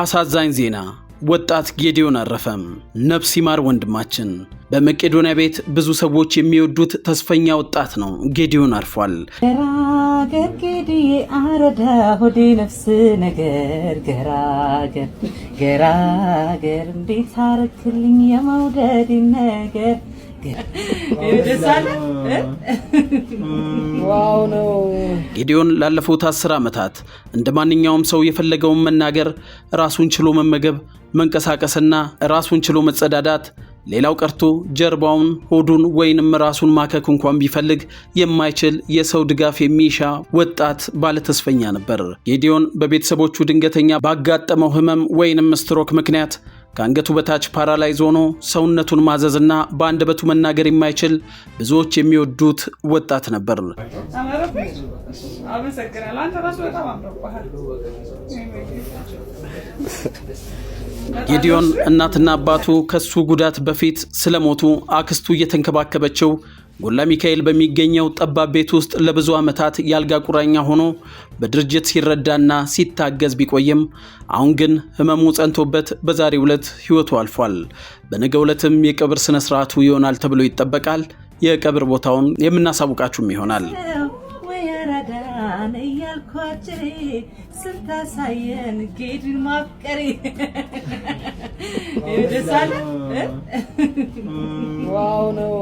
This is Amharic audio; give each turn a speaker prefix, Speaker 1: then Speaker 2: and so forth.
Speaker 1: አሳዛኝ ዜና ወጣት ጌዲዮን አረፈም። ነፍስ ይማር ወንድማችን። በመቄዶንያ ቤት ብዙ ሰዎች የሚወዱት ተስፈኛ ወጣት ነው። ጌዲዮን አርፏል።
Speaker 2: ገራገር ጌዲዬ አረዳ ሆዴ ነፍስ ነገር ገራገር ገራገር እንዴት አረክልኝ የመውደድ ነገር
Speaker 1: ጌዲዮን ላለፉት አስር ዓመታት እንደ ማንኛውም ሰው የፈለገውን መናገር፣ ራሱን ችሎ መመገብ፣ መንቀሳቀስና ራሱን ችሎ መጸዳዳት ሌላው ቀርቶ ጀርባውን፣ ሆዱን ወይንም ራሱን ማከክ እንኳን ቢፈልግ የማይችል የሰው ድጋፍ የሚሻ ወጣት ባለተስፈኛ ነበር። ጌዲዮን በቤተሰቦቹ ድንገተኛ ባጋጠመው ህመም ወይንም ስትሮክ ምክንያት ከአንገቱ በታች ፓራላይዝ ሆኖ ሰውነቱን ማዘዝና በአንደበቱ መናገር የማይችል ብዙዎች የሚወዱት ወጣት ነበር። ጌዲዮን እናትና አባቱ ከሱ ጉዳት በፊት ስለሞቱ አክስቱ እየተንከባከበችው ጎላ ሚካኤል በሚገኘው ጠባብ ቤት ውስጥ ለብዙ ዓመታት ያልጋ ቁራኛ ሆኖ በድርጅት ሲረዳና ሲታገዝ ቢቆይም አሁን ግን ህመሙ ጸንቶበት በዛሬው ዕለት ህይወቱ አልፏል። በነገ ዕለትም የቀብር ስነስርዓቱ ይሆናል ተብሎ ይጠበቃል። የቀብር ቦታውን የምናሳውቃችሁም ይሆናል።
Speaker 2: ስታሳየን ጌድን ማፍቀሪ
Speaker 3: ደሳለ
Speaker 4: ዋው ነው